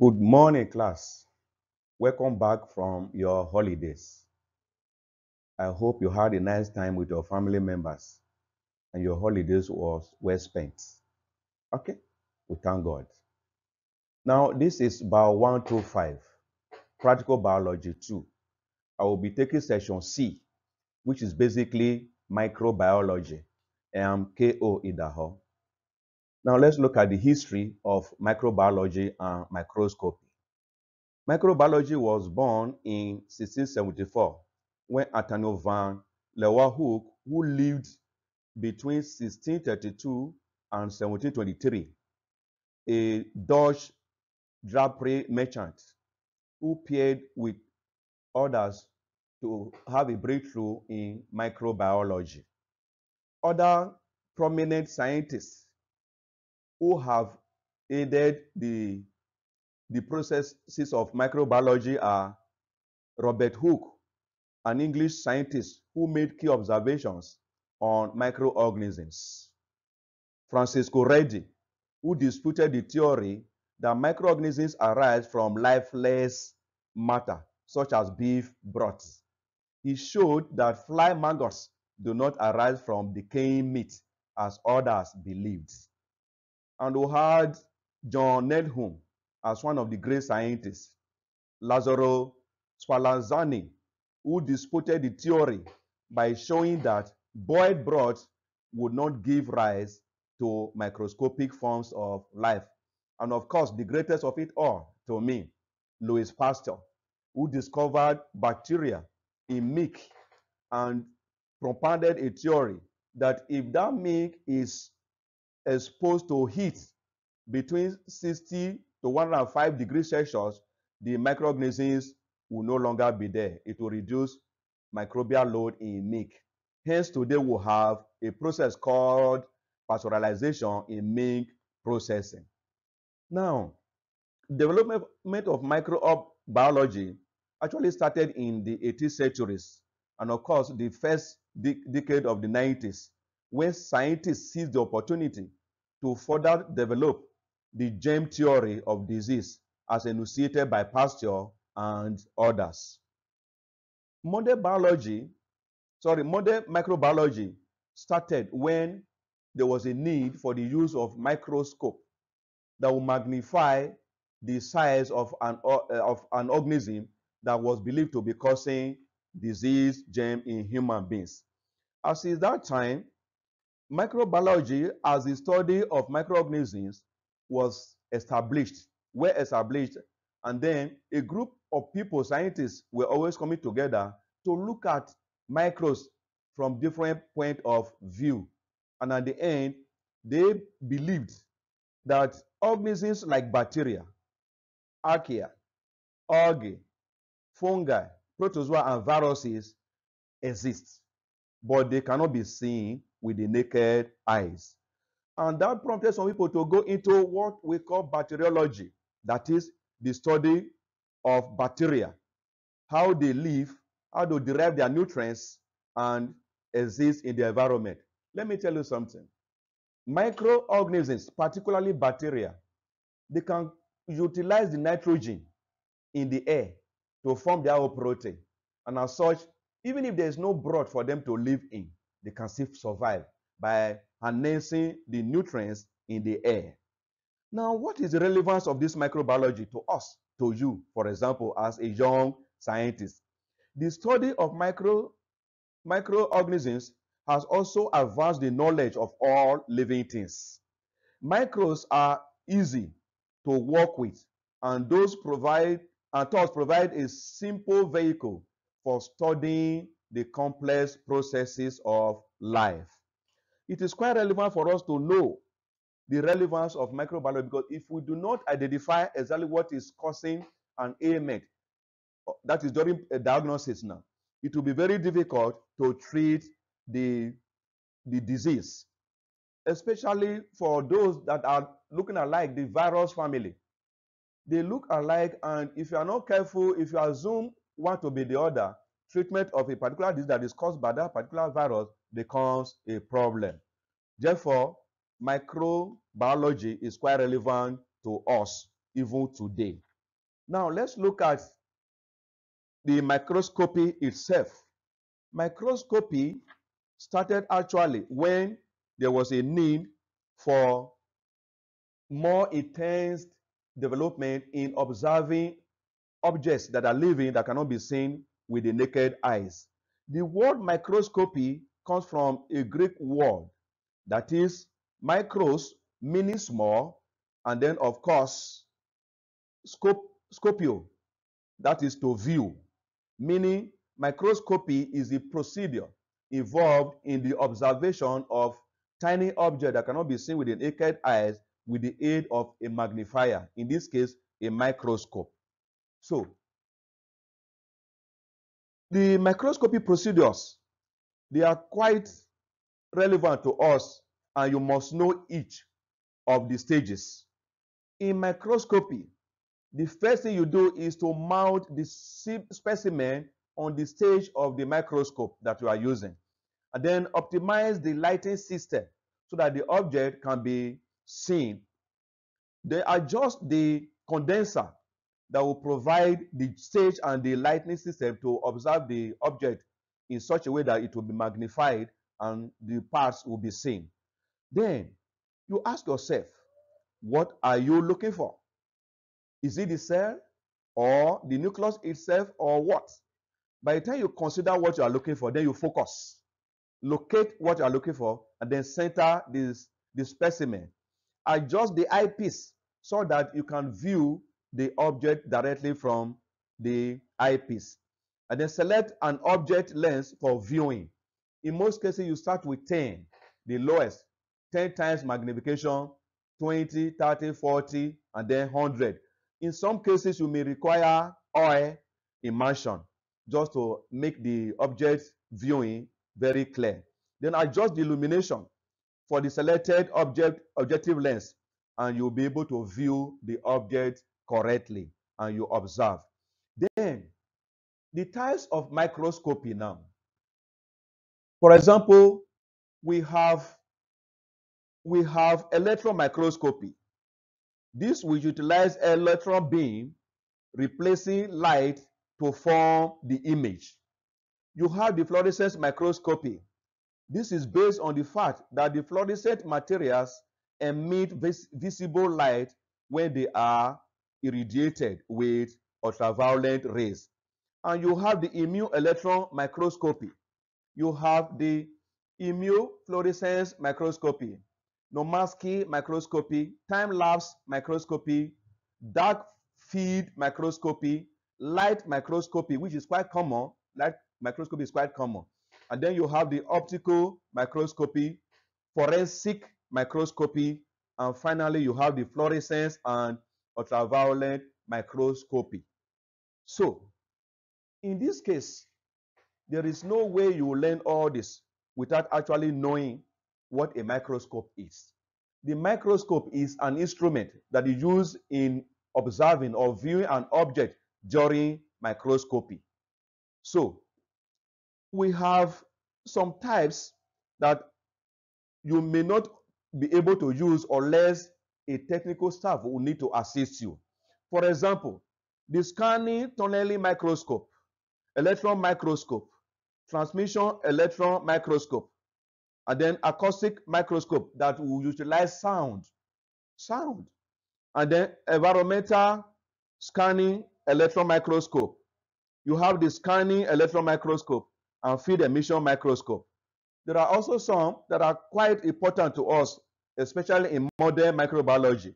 Good morning, class. Welcome back from your holidays. I hope you had a nice time with your family members and your holidays was well spent. Okay, we thank God. Now, this is Bio 1 5, Practical Biology 2. I will be taking section C, which is basically microbiology. I am K.O. Idaho. Now let's look at the history of microbiology and microscopy. Microbiology was born in 1674 when Antonio van Leeuwenhoek, who lived between 1632 and 1723, a Dutch drapery merchant who paired with others to have a breakthrough in microbiology. Other prominent scientists who have aided the, the processes of microbiology are Robert Hooke, an English scientist who made key observations on microorganisms. Francisco Reddy, who disputed the theory that microorganisms arise from lifeless matter, such as beef broth. He showed that fly maggots do not arise from decaying meat, as others believed. and we had John Nedholm as one of the great scientists, Lazzaro Spallanzani, who disputed the theory by showing that boiled broth would not give rise to microscopic forms of life. And of course, the greatest of it all, to me, Louis Pasteur, who discovered bacteria in milk and propounded a theory that if that milk is exposed to heat between 60 to 105 degrees Celsius, the microorganisms will no longer be there. It will reduce microbial load in milk. Hence, today we have a process called pasteurization in milk processing. Now, development of microbiology actually started in the 80s centuries and of course the first de decade of the 90s when scientists seized the opportunity to further develop the germ theory of disease as enunciated by Pasteur and others. Modern biology, sorry, modern microbiology started when there was a need for the use of microscope that would magnify the size of an, uh, of an organism that was believed to be causing disease germ in human beings. As since that time, Microbiology, as the study of microorganisms, was established, were established, and then a group of people, scientists, were always coming together to look at microbes from different point of view. And at the end, they believed that organisms like bacteria, archaea, algae, fungi, protozoa, and viruses exist, but they cannot be seen with the naked eyes. And that prompted some people to go into what we call bacteriology, that is, the study of bacteria, how they live, how they derive their nutrients, and exist in the environment. Let me tell you something. Microorganisms, particularly bacteria, they can utilize the nitrogen in the air to form their own protein. And as such, even if there is no broth for them to live in, they can still survive by enhancing the nutrients in the air. Now, what is the relevance of this microbiology to us, to you, for example, as a young scientist? The study of micro, microorganisms has also advanced the knowledge of all living things. Microbes are easy to work with, and those provide and thus provide a simple vehicle for studying the complex processes of life. It is quite relevant for us to know the relevance of microbiology because if we do not identify exactly what is causing an ailment, uh, that is during a diagnosis now, it will be very difficult to treat the, the disease, especially for those that are looking alike, the virus family. They look alike, and if you are not careful, if you assume one to be the other, treatment of a particular disease that is caused by that particular virus becomes a problem. Therefore, microbiology is quite relevant to us even today. Now, let's look at the microscopy itself. Microscopy started actually when there was a need for more intense development in observing objects that are living that cannot be seen with the naked eyes. The word microscopy comes from a Greek word that is micros, meaning small, and then of course, scop scopio, that is to view, meaning microscopy is the procedure involved in the observation of tiny objects that cannot be seen with the naked eyes with the aid of a magnifier, in this case, a microscope. So, the microscopy procedures, they are quite relevant to us and you must know each of the stages. In microscopy, the first thing you do is to mount the specimen on the stage of the microscope that you are using and then optimize the lighting system so that the object can be seen. They adjust the condenser that will provide the stage and the lightning system to observe the object in such a way that it will be magnified and the parts will be seen. Then you ask yourself, what are you looking for? Is it the cell or the nucleus itself or what? By the time you consider what you are looking for, then you focus. Locate what you are looking for and then center this, the specimen. Adjust the eyepiece so that you can view the object directly from the eyepiece. And then select an object lens for viewing. In most cases, you start with 10, the lowest, 10 times magnification, 20, 30, 40, and then 100. In some cases, you may require oil immersion just to make the object viewing very clear. Then adjust the illumination for the selected object objective lens and you'll be able to view the object correctly and you observe. Then, the types of microscopy now. For example, we have we have electron microscopy. This will utilize electron beam replacing light to form the image. You have the fluorescence microscopy. This is based on the fact that the fluorescent materials emit vis visible light when they are irradiated with ultraviolet rays. And you have the immune electron microscopy. You have the fluorescence microscopy, Nomansky microscopy, time-lapse microscopy, dark field microscopy, light microscopy, which is quite common. Light microscopy is quite common. And then you have the optical microscopy, forensic microscopy, and finally you have the fluorescence and ultraviolet microscopy. So, in this case, there is no way you will learn all this without actually knowing what a microscope is. The microscope is an instrument that is used in observing or viewing an object during microscopy. So, we have some types that you may not be able to use unless a technical staff will need to assist you. For example, the scanning tunneling microscope, electron microscope, transmission electron microscope, and then acoustic microscope that will utilize sound, sound, and then environmental scanning electron microscope. You have the scanning electron microscope and field emission microscope. There are also some that are quite important to us especially in modern microbiology,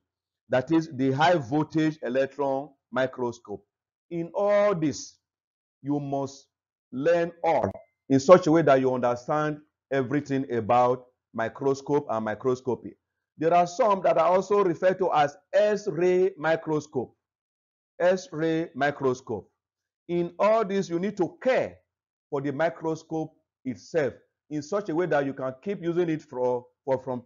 that is the high voltage electron microscope. In all this, you must learn all in such a way that you understand everything about microscope and microscopy. There are some that are also referred to as S-ray microscope. S-ray microscope. In all this, you need to care for the microscope itself in such a way that you can keep using it for, for from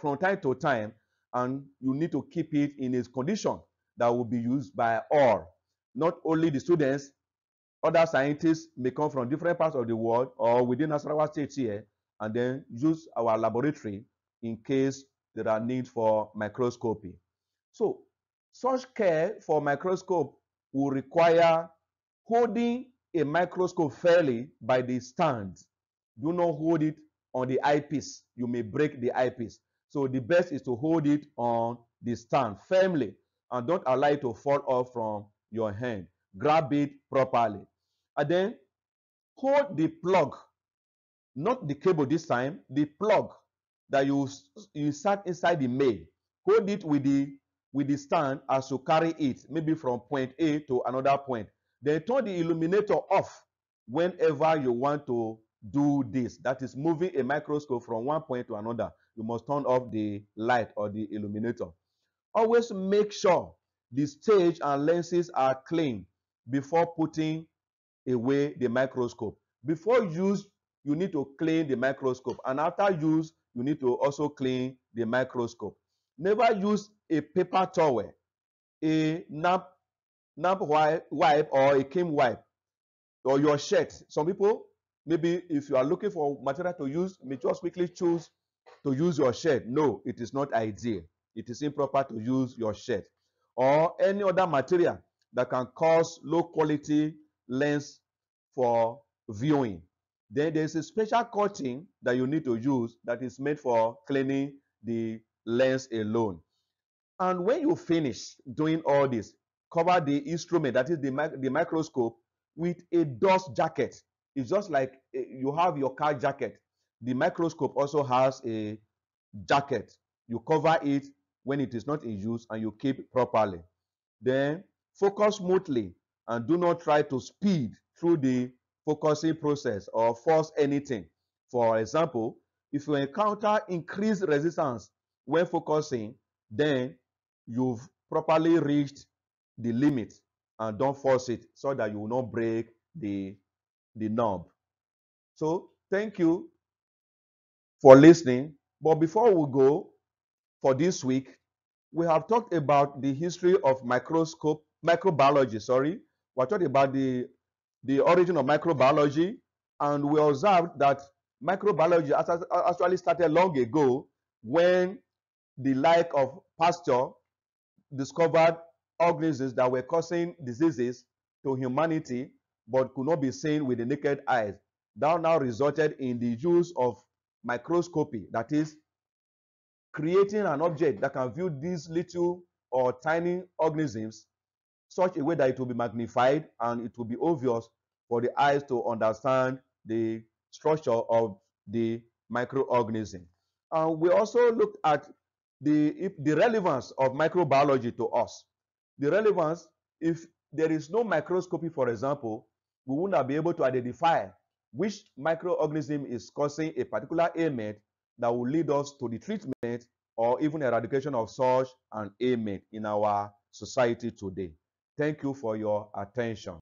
from, time to time, and you need to keep it in its condition that will be used by all, not only the students. Other scientists may come from different parts of the world or within Nasarawa State here, and then use our laboratory in case there are needs for microscopy. So, such care for microscope will require holding a microscope fairly by the stand. Do not hold it on the eyepiece. You may break the eyepiece. So the best is to hold it on the stand firmly and don't allow it to fall off from your hand. Grab it properly. And then hold the plug, not the cable this time, the plug that you insert inside the mail. Hold it with the with the stand as you carry it, maybe from point A to another point. Then turn the illuminator off whenever you want to do this. That is moving a microscope from one point to another. you must turn off the light or the illuminator. Always make sure the stage and lenses are clean before putting away the microscope. Before use, you need to clean the microscope and after use, you need to also clean the microscope. Never use a paper towel, a nap, nap wipe or a cream wipe or your shirt. Some people, maybe if you are looking for material to use, may just quickly choose to use your shed no it is not ideal it is improper to use your shed or any other material that can cause low quality lens for viewing then there is a special coating that you need to use that is made for cleaning the lens alone and when you finish doing all this cover the instrument that is the, mic the microscope with a dust jacket it's just like eh, you have your car jacket the microscope also has a jacket. You cover it when it is not in use and you keep properly. Then focus smoothly and do not try to speed through the focusing process or force anything. For example, if you encounter increased resistance when focusing, then you've properly reached the limit and don't force it so that you will not break the, the knob. So thank you for listening. But before we go for this week, we have talked about the history of microscope microbiology. Sorry, we talked about the the origin of microbiology, and we observed that microbiology actually started long ago when the like of Pasteur discovered organisms that were causing diseases to humanity but could not be seen with the naked eyes. That now resulted in the use of microscopy, that is, creating an object that can view these little or tiny organisms such a way that it will be magnified and it will be obvious for the eyes to understand the structure of the microorganism. And uh, we also looked at the, the relevance of microbiology to us. The relevance, if there is no microscopy, for example, we would not be able to identify which microorganism is causing a particular ailment that will lead us to the treatment or even eradication of such an ailment in our society today. Thank you for your attention.